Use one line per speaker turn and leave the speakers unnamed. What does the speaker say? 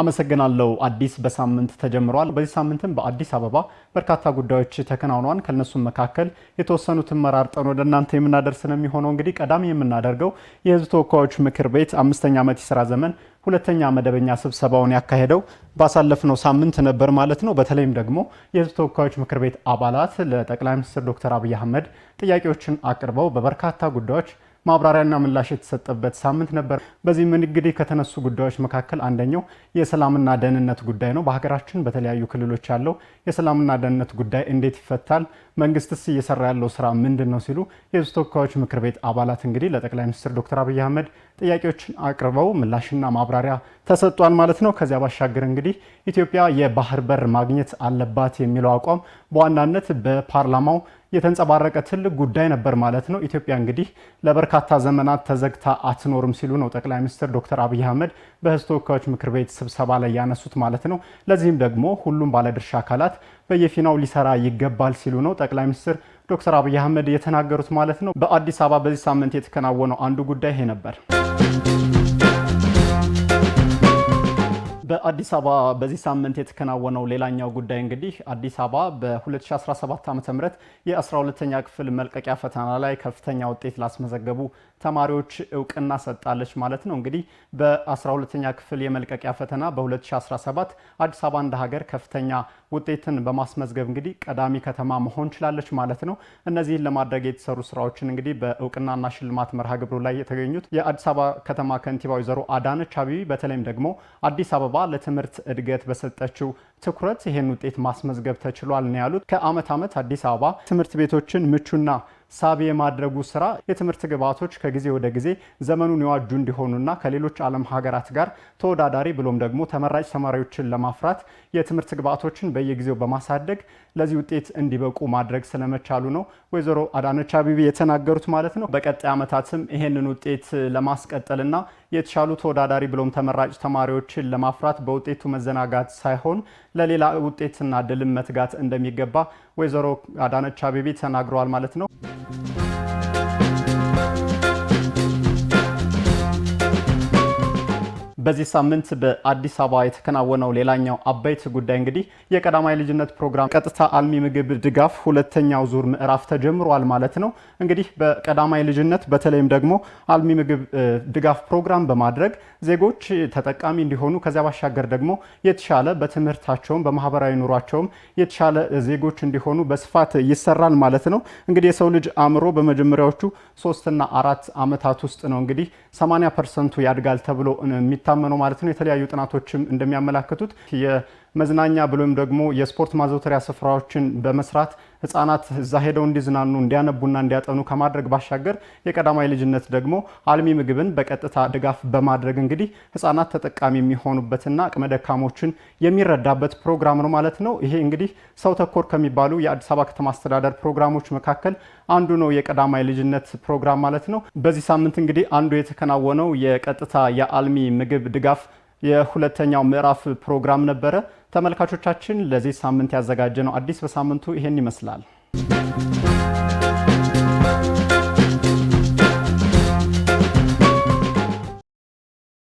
አመሰግናለሁ አዲስ በሳምንት ተጀምሯል። በዚህ ሳምንትም በአዲስ አበባ በርካታ ጉዳዮች ተከናውነዋል። ከነሱም መካከል የተወሰኑትን መራርጠን ወደ እናንተ የምናደርስ ነው የሚሆነው። እንግዲህ ቀዳሚ የምናደርገው የህዝብ ተወካዮች ምክር ቤት አምስተኛ ዓመት የስራ ዘመን ሁለተኛ መደበኛ ስብሰባውን ያካሄደው ባሳለፍነው ሳምንት ነበር ማለት ነው። በተለይም ደግሞ የህዝብ ተወካዮች ምክር ቤት አባላት ለጠቅላይ ሚኒስትር ዶክተር አብይ አህመድ ጥያቄዎችን አቅርበው በበርካታ ጉዳዮች ማብራሪያና ምላሽ የተሰጠበት ሳምንት ነበር። በዚህም እንግዲህ ከተነሱ ጉዳዮች መካከል አንደኛው የሰላምና ደህንነት ጉዳይ ነው። በሀገራችን በተለያዩ ክልሎች ያለው የሰላምና ደህንነት ጉዳይ እንዴት ይፈታል? መንግስትስ እየሰራ ያለው ስራ ምንድን ነው? ሲሉ የህዝብ ተወካዮች ምክር ቤት አባላት እንግዲህ ለጠቅላይ ሚኒስትር ዶክተር አብይ አህመድ ጥያቄዎችን አቅርበው ምላሽና ማብራሪያ ተሰጥቷል ማለት ነው። ከዚያ ባሻገር እንግዲህ ኢትዮጵያ የባህር በር ማግኘት አለባት የሚለው አቋም በዋናነት በፓርላማው የተንጸባረቀ ትልቅ ጉዳይ ነበር ማለት ነው። ኢትዮጵያ እንግዲህ ለበርካታ ዘመናት ተዘግታ አትኖርም ሲሉ ነው ጠቅላይ ሚኒስትር ዶክተር አብይ አህመድ በህዝብ ተወካዮች ምክር ቤት ስብሰባ ላይ ያነሱት ማለት ነው። ለዚህም ደግሞ ሁሉም ባለድርሻ አካላት በየፊናው ሊሰራ ይገባል ሲሉ ነው ጠቅላይ ሚኒስትር ዶክተር አብይ አህመድ የተናገሩት ማለት ነው። በአዲስ አበባ በዚህ ሳምንት የተከናወነው አንዱ ጉዳይ ይሄ ነበር። በአዲስ አበባ በዚህ ሳምንት የተከናወነው ሌላኛው ጉዳይ እንግዲህ አዲስ አበባ በ2017 ዓ ም የ12ኛ ክፍል መልቀቂያ ፈተና ላይ ከፍተኛ ውጤት ላስመዘገቡ ተማሪዎች እውቅና ሰጣለች ማለት ነው። እንግዲህ በ 12 ተኛ ክፍል የመልቀቂያ ፈተና በ2017 አዲስ አበባ እንደ ሀገር ከፍተኛ ውጤትን በማስመዝገብ እንግዲህ ቀዳሚ ከተማ መሆን ችላለች ማለት ነው። እነዚህን ለማድረግ የተሰሩ ስራዎችን እንግዲህ በእውቅናና ሽልማት መርሃ ግብሩ ላይ የተገኙት የአዲስ አበባ ከተማ ከንቲባ ወይዘሮ አዳነች አቤቤ በተለይም ደግሞ አዲስ አበባ ለትምህርት እድገት በሰጠችው ትኩረት ይህን ውጤት ማስመዝገብ ተችሏል ነው ያሉት። ከአመት አመት አዲስ አበባ ትምህርት ቤቶችን ምቹና ሳቢ የማድረጉ ስራ የትምህርት ግብዓቶች ከጊዜ ወደ ጊዜ ዘመኑን የዋጁ እንዲሆኑና ከሌሎች ዓለም ሀገራት ጋር ተወዳዳሪ ብሎም ደግሞ ተመራጭ ተማሪዎችን ለማፍራት የትምህርት ግብዓቶችን በየጊዜው በማሳደግ ለዚህ ውጤት እንዲበቁ ማድረግ ስለመቻሉ ነው ወይዘሮ አዳነች አቢቢ የተናገሩት ማለት ነው። በቀጣይ ዓመታትም ይሄንን ውጤት ለማስቀጠልና የተሻሉ ተወዳዳሪ ብሎም ተመራጭ ተማሪዎችን ለማፍራት በውጤቱ መዘናጋት ሳይሆን ለሌላ ውጤትና ድልም መትጋት እንደሚገባ ወይዘሮ አዳነች አቤቤ ተናግረዋል ማለት ነው። በዚህ ሳምንት በአዲስ አበባ የተከናወነው ሌላኛው አበይት ጉዳይ እንግዲህ የቀዳማዊ ልጅነት ፕሮግራም ቀጥታ አልሚ ምግብ ድጋፍ ሁለተኛው ዙር ምዕራፍ ተጀምሯል ማለት ነው። እንግዲህ በቀዳማዊ ልጅነት በተለይም ደግሞ አልሚ ምግብ ድጋፍ ፕሮግራም በማድረግ ዜጎች ተጠቃሚ እንዲሆኑ ከዚያ ባሻገር ደግሞ የተሻለ በትምህርታቸውም በማህበራዊ ኑሯቸውም የተሻለ ዜጎች እንዲሆኑ በስፋት ይሰራል ማለት ነው። እንግዲህ የሰው ልጅ አእምሮ በመጀመሪያዎቹ ሶስትና አራት ዓመታት ውስጥ ነው እንግዲህ 80 ፐርሰንቱ ያድጋል ተብሎ የሚታ የምታመነው ማለት ነው። የተለያዩ ጥናቶችም እንደሚያመላክቱት የመዝናኛ ብሎም ደግሞ የስፖርት ማዘውተሪያ ስፍራዎችን በመስራት ህጻናት እዛ ሄደው እንዲዝናኑ እንዲያነቡና እንዲያጠኑ ከማድረግ ባሻገር የቀዳማይ ልጅነት ደግሞ አልሚ ምግብን በቀጥታ ድጋፍ በማድረግ እንግዲህ ህጻናት ተጠቃሚ የሚሆኑበትና አቅመ ደካሞችን የሚረዳበት ፕሮግራም ነው ማለት ነው። ይሄ እንግዲህ ሰው ተኮር ከሚባሉ የአዲስ አበባ ከተማ አስተዳደር ፕሮግራሞች መካከል አንዱ ነው፣ የቀዳማይ ልጅነት ፕሮግራም ማለት ነው። በዚህ ሳምንት እንግዲህ አንዱ የተከናወነው የቀጥታ የአልሚ ምግብ ድጋፍ የሁለተኛው ምዕራፍ ፕሮግራም ነበረ። ተመልካቾቻችን ለዚህ ሳምንት ያዘጋጀ ነው አዲስ በሳምንቱ ይሄን ይመስላል።